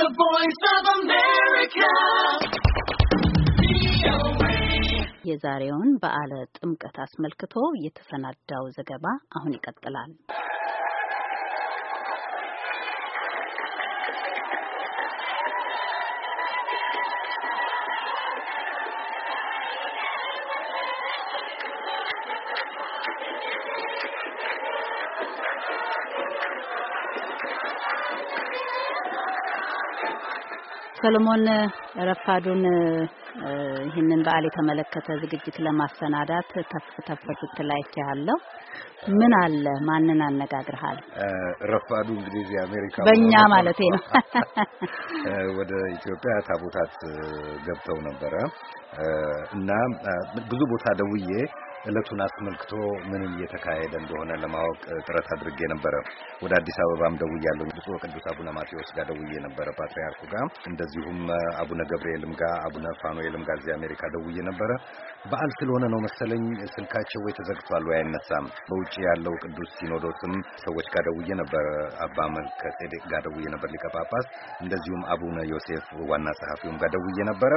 The Voice of America. የዛሬውን በዓለ ጥምቀት አስመልክቶ የተሰናዳው ዘገባ አሁን ይቀጥላል። ሰለሞን ረፋዱን ይህንን በዓል የተመለከተ ዝግጅት ለማሰናዳት ተፍ ተፍ ስትል አይቻለሁ። ምን አለ? ማንን አነጋግርሃል? ረፋዱ እንግዲህ እዚህ አሜሪካ በእኛ ማለት ነው ወደ ኢትዮጵያ ታቦታት ገብተው ነበረ እና ብዙ ቦታ ደውዬ ዕለቱን አስመልክቶ ምን እየተካሄደ እንደሆነ ለማወቅ ጥረት አድርጌ ነበረ። ወደ አዲስ አበባም ደውያለሁ። ብፁዕ ቅዱስ አቡነ ማቴዎስ ጋር ደውዬ ነበረ፣ ፓትርያርኩ ጋር እንደዚሁም አቡነ ገብርኤልም ጋር አቡነ ፋኑኤልም ጋር እዚህ አሜሪካ ደውዬ ነበረ። በዓል ስለሆነ ነው መሰለኝ ስልካቸው ወይ ተዘግቷል ወይ አይነሳም። በውጭ ያለው ቅዱስ ሲኖዶስም ሰዎች ጋር ደውዬ ነበር። አባ መልከ ጼዴቅ ጋር ደውዬ ነበር ሊቀ ጳጳስ፣ እንደዚሁም አቡነ ዮሴፍ ዋና ጸሐፊውም ጋር ደውዬ ነበረ።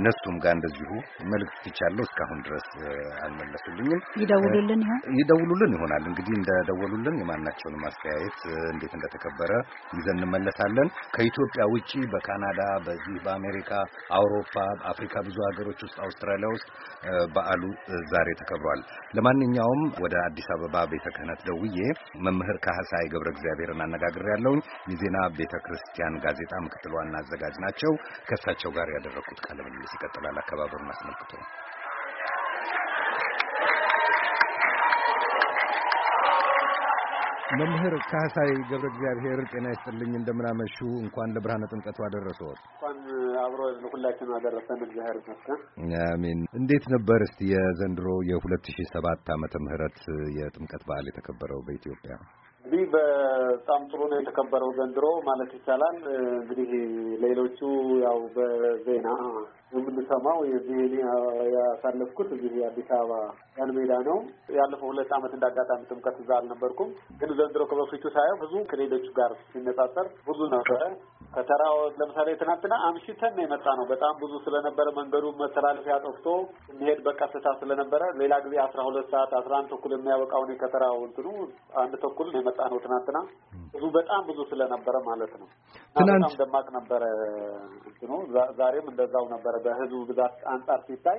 እነሱም ጋር እንደዚሁ መልእክት ትቻለሁ እስካሁን ድረስ አልመለሱ አይመልሱልኝም። ይደውሉልን ይሆን ይደውሉልን ይሆናል እንግዲህ እንደደወሉልን የማናቸውን ማስተያየት እንዴት እንደተከበረ ይዘን እንመለሳለን። ከኢትዮጵያ ውጪ በካናዳ በዚህ በአሜሪካ፣ አውሮፓ፣ አፍሪካ ብዙ ሀገሮች ውስጥ አውስትራሊያ ውስጥ በዓሉ ዛሬ ተከብሯል። ለማንኛውም ወደ አዲስ አበባ ቤተ ክህነት ደውዬ መምህር ካህሳይ ገብረ እግዚአብሔርን ያለውኝ የዜና ቤተ ክርስቲያን ጋዜጣ ምክትል ዋና አዘጋጅ ናቸው። ከእሳቸው ጋር ያደረግኩት ቃለ ምልልስ ይቀጥላል። አከባበሩን አስመልክቶ መምህር ካህሳይ ገብረ እግዚአብሔር ጤና ይስጥልኝ። እንደምናመሹ እንኳን ለብርሃነ ጥምቀቱ አደረሰዎት። እንኳን አብሮ ሁላችን አደረሰን። እግዚአብሔር ይመስገን። አሜን። እንዴት ነበር እስቲ የዘንድሮ የሁለት ሺህ ሰባት ዓመተ ምህረት የጥምቀት በዓል የተከበረው በኢትዮጵያ? እንግዲህ በጣም ጥሩ ነው የተከበረው ዘንድሮ ማለት ይቻላል። እንግዲህ ሌሎቹ ያው በዜና የምንሰማው የዚህ ያሳለፍኩት እዚህ የአዲስ አበባ ቀን ሜዳ ነው። ያለፈው ሁለት ዓመት እንዳጋጣሚ ጥምቀት እዛ አልነበርኩም፣ ግን ዘንድሮ ከበፊቱ ሳየው ብዙ ከሌሎቹ ጋር ሲነጻጸር ብዙ ነበረ። ከተራው ለምሳሌ ትናንትና አምሽተን ነው የመጣ ነው። በጣም ብዙ ስለነበረ መንገዱ መተላለፊያ ጠፍቶ የሚሄድ በቀስታ ስለነበረ ሌላ ጊዜ አስራ ሁለት ሰዓት አስራ አንድ ተኩል የሚያበቃውን ከተራው እንትኑ አንድ ተኩል ነው የመጣ ነው ትናንትና ብዙ በጣም ብዙ ስለነበረ ማለት ነው። በጣም ደማቅ ነበረ እንትኑ። ዛሬም እንደዛው ነበረ። በህዝቡ ብዛት አንጻር ሲታይ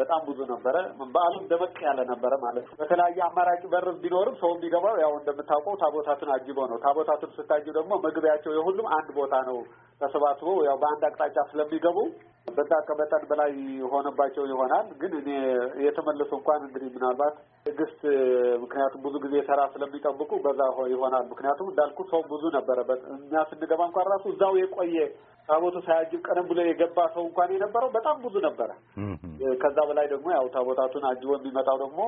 በጣም ብዙ ነበረ። በዓሉም ደመቅ ያለ ነበረ ማለት ነው። በተለያየ አማራጭ በር ቢኖርም ሰው ቢገባው ያው እንደምታውቀው ታቦታቱን አጅቦ ነው። ታቦታቱን ስታጅ ደግሞ መግቢያቸው የሁሉም አንድ ቦታ ነው። ተሰባስቦ ያው በአንድ አቅጣጫ ስለሚገቡ በዛ ከመጠን በላይ የሆነባቸው ይሆናል። ግን እኔ የተመለሱ እንኳን እንግዲህ ምናልባት ትዕግስት፣ ምክንያቱም ብዙ ጊዜ ተራ ስለሚጠብቁ በዛ ይሆናል። ምክንያቱም እንዳልኩ ሰው ብዙ ነበረበት እኛ ስንገባ እንኳን ራሱ እዛው የቆየ ታቦቱ ሳያጅብ ቀደም ብሎ የገባ ሰው እንኳን የነበረው በጣም ብዙ ነበረ። ከዛ በላይ ደግሞ ያው ታቦታቱን አጅቦ የሚመጣው ደግሞ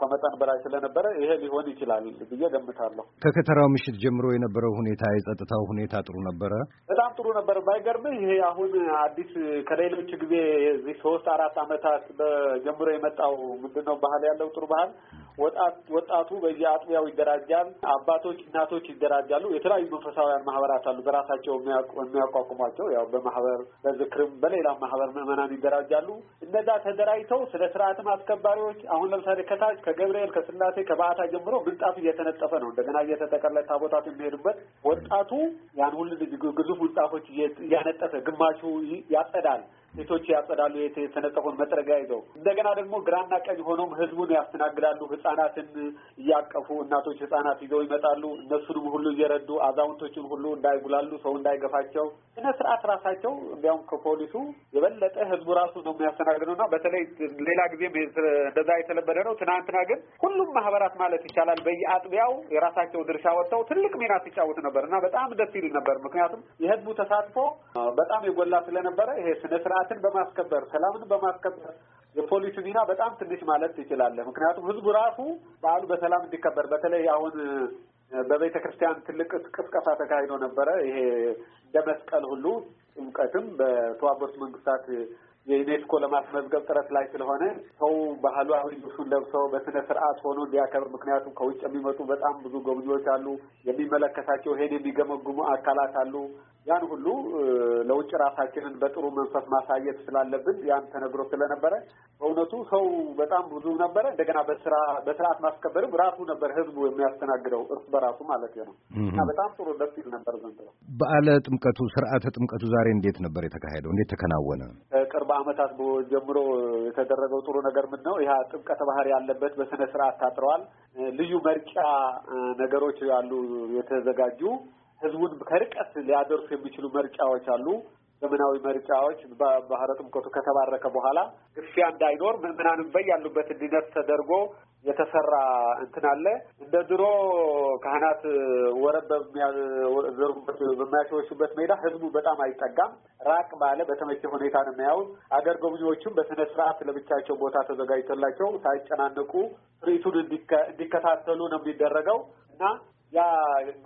ከመጠን በላይ ስለነበረ ይሄ ሊሆን ይችላል ብዬ ገምታለሁ። ከከተራው ምሽት ጀምሮ የነበረው ሁኔታ፣ የጸጥታው ሁኔታ ጥሩ ነበረ፣ በጣም ጥሩ ነበረ። ባይገርምህ ይሄ አሁን አዲስ ከሌሎች ጊዜ እዚህ ሶስት አራት አመታት ጀምሮ የመጣው ምንድን ነው ባህል ያለው ጥሩ ባህል ወጣቱ በየአጥቢያው ይደራጃል። አባቶች፣ እናቶች ይደራጃሉ። የተለያዩ መንፈሳውያን ማህበራት አሉ በራሳቸው የሚያቋቁሟቸው ያው በማህበር በዝክርም በሌላ ማህበር ምዕመናን ይደራጃሉ። እነዛ ተደራጅተው ስለ ስርዓትም አስከባሪዎች አሁን ለምሳሌ ከታች ከገብርኤል ከስላሴ ከበዓታ ጀምሮ ምንጣፍ እየተነጠፈ ነው። እንደገና እየተጠቀለ ታቦታቱ የሚሄዱበት ወጣቱ ያን ሁሉ ግዙፍ ምንጣፎች እያነጠፈ ግማሹ ያጸዳል ሴቶች ያጸዳሉ የተነጠፉን መጥረጊያ ይዘው፣ እንደገና ደግሞ ግራና ቀኝ ሆኖም ህዝቡን ያስተናግዳሉ። ህጻናትን እያቀፉ እናቶች ህጻናት ይዘው ይመጣሉ። እነሱንም ሁሉ እየረዱ አዛውንቶችን ሁሉ እንዳይጉላሉ፣ ሰው እንዳይገፋቸው ስነ ስርዓት ራሳቸው እንዲያውም ከፖሊሱ የበለጠ ህዝቡ ራሱ ነው የሚያስተናግደው እና በተለይ ሌላ ጊዜም እንደዛ የተለመደ ነው። ትናንትና ግን ሁሉም ማህበራት ማለት ይቻላል በየአጥቢያው የራሳቸው ድርሻ ወጥተው ትልቅ ሚና ሲጫወት ነበር እና በጣም ደስ ይል ነበር። ምክንያቱም የህዝቡ ተሳትፎ በጣም የጎላ ስለነበረ ይሄ ስነ ስርዓትን በማስከበር ሰላምን በማስከበር የፖሊሱ ሚና በጣም ትንሽ ማለት ትችላለህ። ምክንያቱም ህዝቡ ራሱ በዓሉ በሰላም እንዲከበር በተለይ አሁን በቤተ ክርስቲያን ትልቅ ቅስቀሳ ተካሂዶ ነበረ። ይሄ እንደ መስቀል ሁሉ ጥምቀትም በተባበሩት መንግስታት የዩኔስኮ ለማስመዝገብ ጥረት ላይ ስለሆነ ሰው ባህላዊ ልብሱን ለብሶ በስነ ስርዓት ሆኖ እንዲያከብር። ምክንያቱም ከውጭ የሚመጡ በጣም ብዙ ጎብኚዎች አሉ፣ የሚመለከታቸው ይሄን የሚገመግሙ አካላት አሉ። ያን ሁሉ ለውጭ ራሳችንን በጥሩ መንፈስ ማሳየት ስላለብን ያን ተነግሮ ስለነበረ በእውነቱ ሰው በጣም ብዙ ነበረ። እንደገና በስራ በስርዓት ማስከበርም ራሱ ነበር ህዝቡ የሚያስተናግደው እርስ በራሱ ማለት ነው እና በጣም ጥሩ ደስ ይል ነበር ዘንድሮ። በዓለ ጥምቀቱ ስርዓተ ጥምቀቱ ዛሬ እንዴት ነበር የተካሄደው? እንዴት ተከናወነ? ከቅርብ ዓመታት ጀምሮ የተደረገው ጥሩ ነገር ምን ነው ይህ ጥምቀተ ባህር ያለበት በስነ ስርዓት ታጥረዋል። ልዩ መርጫ ነገሮች ያሉ የተዘጋጁ ህዝቡን ከርቀት ሊያደርሱ የሚችሉ መርጫዎች አሉ። ዘመናዊ መርጫዎች ባህረ ጥምቀቱ ከተባረከ በኋላ ግፊያ እንዳይኖር ምዕመናንም በያሉበት እንዲነት ተደርጎ የተሰራ እንትን አለ። እንደ ድሮ ካህናት ወረብ በሚያሸወሹበት ሜዳ ህዝቡ በጣም አይጠጋም። ራቅ ባለ በተመቸ ሁኔታ ነው የሚያዩት። አገር ጎብኚዎቹም በስነ ስርዓት ለብቻቸው ቦታ ተዘጋጅቶላቸው ሳይጨናነቁ ትርኢቱን እንዲከታተሉ ነው የሚደረገው እና ያ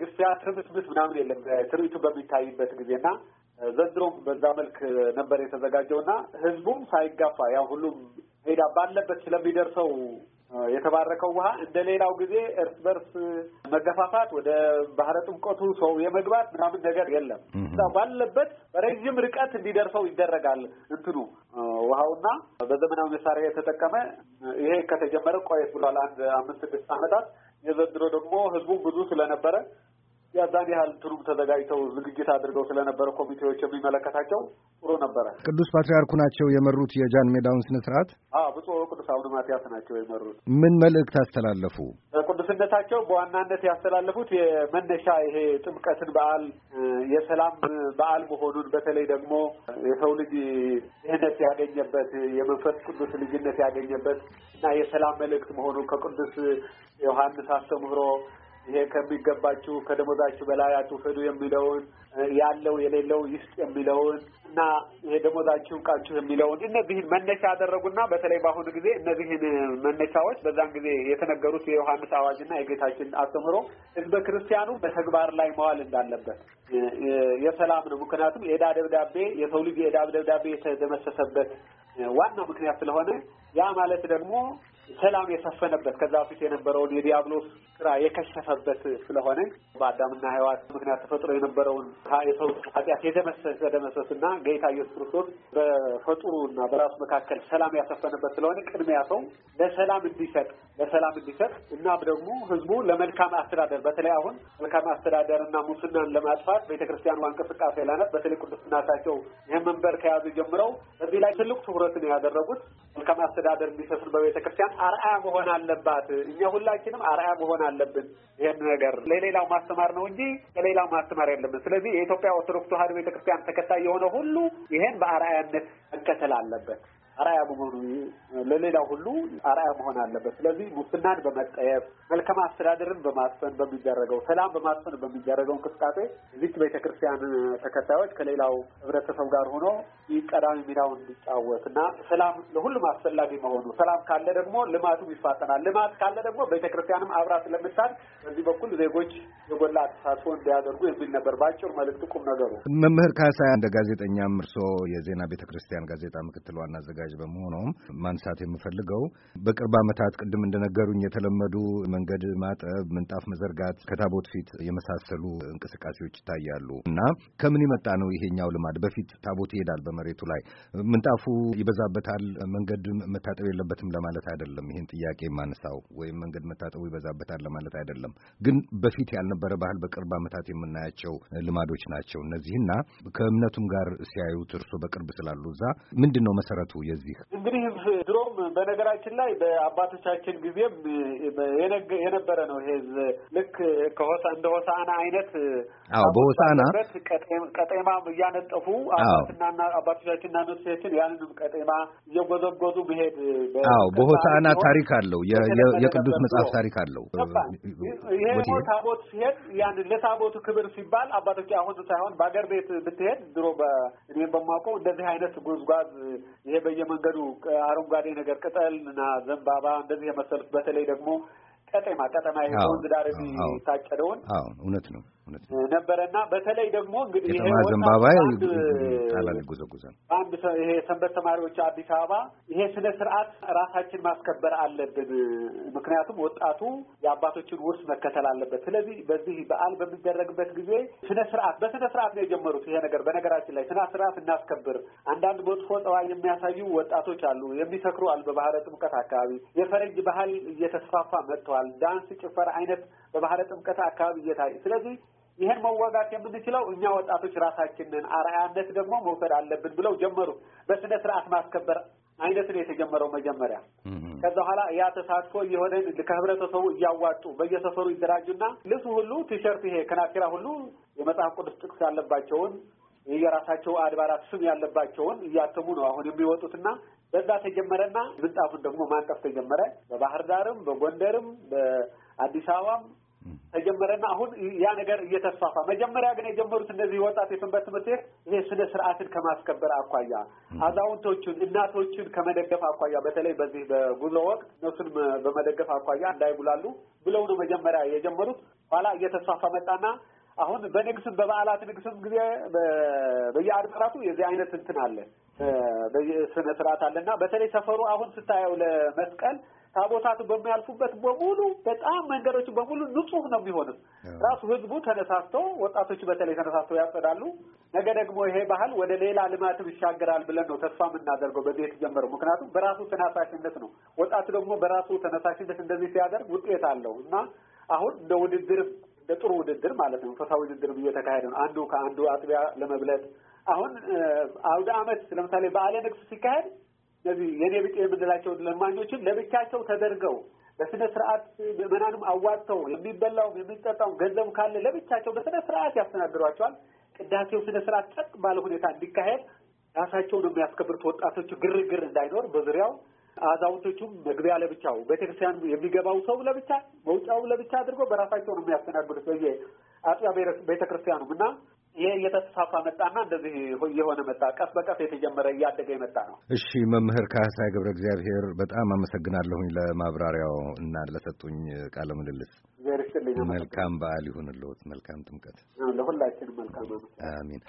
ግፊያ ትርምስምስ ምናምን የለም ትርኢቱ በሚታይበት ጊዜና ዘንድሮም በዛ መልክ ነበር የተዘጋጀው እና ህዝቡም ሳይጋፋ ያ ሁሉም ሜዳ ባለበት ስለሚደርሰው የተባረከው ውሃ እንደ ሌላው ጊዜ እርስ በርስ መገፋፋት ወደ ባህረ ጥምቀቱ ሰው የመግባት ምናምን ነገር የለም። እዛ ባለበት በረዥም ርቀት እንዲደርሰው ይደረጋል እንትኑ ውሃውና በዘመናዊ መሳሪያ የተጠቀመ ይሄ ከተጀመረ ቆየት ብሏል። አንድ አምስት ስድስት ዓመታት የዘንድሮ ደግሞ ህዝቡ ብዙ ስለነበረ ያዛን ያህል ትሩም ተዘጋጅተው ዝግጅት አድርገው ስለነበረ ኮሚቴዎች የሚመለከታቸው ጥሩ ነበረ። ቅዱስ ፓትርያርኩ ናቸው የመሩት የጃን ሜዳውን ስነ ስርዓት። ብፁዕ ቅዱስ አቡነ ማትያስ ናቸው የመሩት። ምን መልእክት አስተላለፉ? ቅዱስነታቸው በዋናነት ያስተላለፉት የመነሻ ይሄ ጥምቀትን በዓል የሰላም በዓል መሆኑን በተለይ ደግሞ የሰው ልጅ ድህነት ያገኘበት የመንፈስ ቅዱስ ልጅነት ያገኘበት እና የሰላም መልእክት መሆኑን ከቅዱስ ዮሐንስ አስተምህሮ ይሄ ከሚገባችሁ ከደሞዛችሁ በላይ አትውሰዱ የሚለውን ያለው የሌለው ይስጥ የሚለውን እና ይሄ ደሞዛችሁ ቃችሁ የሚለውን እነዚህን መነሻ ያደረጉና በተለይ በአሁኑ ጊዜ እነዚህን መነሻዎች በዛን ጊዜ የተነገሩት የዮሐንስ አዋጅና የጌታችን አስተምህሮ ህዝበ ክርስቲያኑ በተግባር ላይ መዋል እንዳለበት የሰላም ነው። ምክንያቱም የዕዳ ደብዳቤ የሰው ልጅ የዕዳ ደብዳቤ የተደመሰሰበት ዋናው ምክንያት ስለሆነ ያ ማለት ደግሞ ሰላም የሰፈነበት ከዛ በፊት የነበረውን የዲያብሎስ ስራ የከሸፈበት ስለሆነ በአዳምና ሔዋን ምክንያት ተፈጥሮ የነበረውን የሰው ኃጢአት የደመሰስ ተደመሰስና ጌታ ኢየሱስ ክርስቶስ በፈጥሩ በፈጡሩና በራሱ መካከል ሰላም ያሰፈነበት ስለሆነ ቅድሚያ ሰው ለሰላም እንዲሰጥ ለሰላም እንዲሰጥ እና ደግሞ ህዝቡ ለመልካም አስተዳደር በተለይ አሁን መልካም አስተዳደር አስተዳደርና ሙስናን ለማጥፋት ቤተክርስቲያኗ እንቅስቃሴ ላነት በተለይ ቅዱስናታቸው ይህን መንበር ከያዙ ጀምረው በዚህ ላይ ትልቅ ትኩረትን ያደረጉት መልካም አስተዳደር እንዲሰፍን በቤተ ክርስቲያን አርአያ መሆን አለባት። እኛ ሁላችንም አርአያ መሆን አለብን። ይህን ነገር ለሌላው ማስተማር ነው እንጂ ለሌላው ማስተማር የለብን። ስለዚህ የኢትዮጵያ ኦርቶዶክስ ተዋሕዶ ቤተ ክርስቲያን ተከታይ የሆነ ሁሉ ይሄን በአርአያነት መከተል አለበት። አራያ መሆኑ ለሌላ ሁሉ አራያ መሆን አለበት። ስለዚህ ሙስናን በመጠየፍ መልካም አስተዳደርን በማስፈን በሚደረገው ሰላም በማስፈን በሚደረገው እንቅስቃሴ እዚች ቤተክርስቲያን ተከታዮች ከሌላው ህብረተሰብ ጋር ሆኖ ቀዳሚ ሚናውን እንዲጫወት እና ሰላም ለሁሉም አስፈላጊ መሆኑ ሰላም ካለ ደግሞ ልማቱም ይፋጠናል። ልማት ካለ ደግሞ ቤተክርስቲያንም አብራ ስለምታል በዚህ በኩል ዜጎች የጎላ ተሳትፎ እንዲያደርጉ የሚል ነበር በአጭር መልዕክት ቁም ነገሩ። መምህር ካሳ እንደ ጋዜጠኛም እርስዎ የዜና ቤተክርስቲያን ጋዜጣ ምክትል ዋና አዘጋጅ አዘጋጅ በመሆኖም ማንሳት የምፈልገው በቅርብ ዓመታት ቅድም እንደነገሩኝ የተለመዱ መንገድ ማጠብ፣ ምንጣፍ መዘርጋት፣ ከታቦት ፊት የመሳሰሉ እንቅስቃሴዎች ይታያሉ እና ከምን የመጣ ነው ይሄኛው ልማድ? በፊት ታቦት ይሄዳል በመሬቱ ላይ ምንጣፉ ይበዛበታል፣ መንገድ መታጠብ የለበትም ለማለት አይደለም። ይህን ጥያቄ ማንሳው ወይም መንገድ መታጠቡ ይበዛበታል ለማለት አይደለም። ግን በፊት ያልነበረ ባህል በቅርብ ዓመታት የምናያቸው ልማዶች ናቸው እነዚህና ከእምነቱም ጋር ሲያዩት እርሶ በቅርብ ስላሉ እዛ ምንድን ነው መሰረቱ የዚህ እንግዲህ ድሮም በነገራችን ላይ በአባቶቻችን ጊዜም የነበረ ነው። ይሄ ልክ ከሆሳ እንደ ሆሳና አይነት አዎ፣ በሆሳና ቀጤማ እያነጠፉ አባትና አባቶቻችንና ነፍሳችን ያንንም ቀጤማ እየጎዘጎዙ መሄድ አዎ፣ በሆሳና ታሪክ አለው። የቅዱስ መጽሐፍ ታሪክ አለው። ይሄ ታቦት ሲሄድ ያን ለታቦቱ ክብር ሲባል አባቶች አሁን ሳይሆን በአገር ቤት ብትሄድ ድሮ እኔም በማውቀው እንደዚህ አይነት ጉዝጓዝ ይሄ በየ በየመንገዱ አረንጓዴ ነገር ቅጠል እና ዘንባባ እንደዚህ የመሰሉት በተለይ ደግሞ ቀጤማ ቀጠማ የሆን ዳር የሚታጨደውን እውነት ነው ነበረና በተለይ ደግሞ እንግዲህ ይሄ ዘንባባ ጣላል አንድ ይሄ ሰንበት ተማሪዎች አዲስ አበባ ይሄ ስነ ስርዓት ራሳችን ማስከበር አለብን። ምክንያቱም ወጣቱ የአባቶችን ውርስ መከተል አለበት። ስለዚህ በዚህ በዓል በሚደረግበት ጊዜ ስነ ስርዓት በስነ ስርዓት ነው የጀመሩት። ይሄ ነገር በነገራችን ላይ ስነ ስርዓት እናስከብር። አንዳንድ መጥፎ ጠዋይ የሚያሳዩ ወጣቶች አሉ፣ የሚሰክሩ አሉ። በባህረ ጥምቀት አካባቢ የፈረንጅ ባህል እየተስፋፋ መጥተዋል። ዳንስ፣ ጭፈራ አይነት በባህረ ጥምቀት አካባቢ እየታይ ስለዚህ ይህን መዋጋት የምንችለው እኛ ወጣቶች ራሳችንን አርአያነት ደግሞ መውሰድ አለብን ብለው ጀመሩ። በስነ ስርዓት ማስከበር አይነት ነው የተጀመረው መጀመሪያ። ከዛ በኋላ ያ ተሳትፎ እየሆነ ከህብረተሰቡ እያዋጡ በየሰፈሩ ይደራጁና ልብሱ ሁሉ ቲሸርት፣ ይሄ ከናኪራ ሁሉ የመጽሐፍ ቅዱስ ጥቅስ ያለባቸውን የራሳቸው አድባራት ስም ያለባቸውን እያተሙ ነው አሁን የሚወጡትና በዛ ተጀመረና ምንጣፉን ደግሞ ማንጠፍ ተጀመረ። በባህር ዳርም፣ በጎንደርም፣ በአዲስ አበባም ተጀመረና አሁን ያ ነገር እየተስፋፋ መጀመሪያ ግን የጀመሩት እነዚህ ወጣት የሰንበት ትምህርት ቤት ይሄ ስነ ስርዓትን ከማስከበር አኳያ አዛውንቶቹን እናቶችን ከመደገፍ አኳያ በተለይ በዚህ በጉዞ ወቅት እነሱን በመደገፍ አኳያ እንዳይጉላሉ ብለው ነው መጀመሪያ የጀመሩት። ኋላ እየተስፋፋ መጣና አሁን በንግስም በበዓላት ንግስም ጊዜ በየአድባራቱ የዚህ አይነት እንትን አለ ስነ ስርዓት አለና በተለይ ሰፈሩ አሁን ስታየው ለመስቀል ታቦታቱ በሚያልፉበት በሙሉ በጣም መንገዶች በሙሉ ንጹህ ነው የሚሆንም። ራሱ ህዝቡ ተነሳስቶ፣ ወጣቶቹ በተለይ ተነሳስተው ያጸዳሉ። ነገ ደግሞ ይሄ ባህል ወደ ሌላ ልማትም ይሻገራል ብለን ነው ተስፋ የምናደርገው በዚህ የተጀመረው። ምክንያቱም በራሱ ተነሳሽነት ነው። ወጣቱ ደግሞ በራሱ ተነሳሽነት እንደዚህ ሲያደርግ ውጤት አለው እና አሁን እንደ ውድድር እንደ ጥሩ ውድድር ማለት ነው መንፈሳዊ ውድድርም እየተካሄደ ነው። አንዱ ከአንዱ አጥቢያ ለመብለጥ አሁን አውደ ዓመት ለምሳሌ በዓለ ንግስ ሲካሄድ እነዚህ የኔ የምንላቸው የምንላቸውን ለማኞችን ለብቻቸው ተደርገው በስነ ስርዓት ምዕመናንም አዋጥተው የሚበላውም የሚጠጣውም ገንዘቡ ካለ ለብቻቸው በስነ ስርዓት ያስተናግሯቸዋል። ቅዳሴው ስነ ስርዓት ጸጥ ባለ ሁኔታ እንዲካሄድ ራሳቸውን የሚያስከብሩት ወጣቶቹ ግርግር እንዳይኖር በዙሪያው አዛውንቶቹም መግቢያ ለብቻው ቤተክርስቲያን የሚገባው ሰው ለብቻ መውጫው ለብቻ አድርጎ በራሳቸው ነው የሚያስተናግዱት በየ አጥቢያ ቤተክርስቲያኑም እና ይሄ እየተስፋፋ መጣና እንደዚህ የሆነ መጣ። ቀስ በቀስ የተጀመረ እያደገ የመጣ ነው። እሺ መምህር ካህሳይ ገብረ እግዚአብሔር በጣም አመሰግናለሁኝ ለማብራሪያው እና ለሰጡኝ ቃለ ምልልስ። መልካም በዓል ይሁንልዎት። መልካም ጥምቀት ለሁላችንም። መልካም አሜን።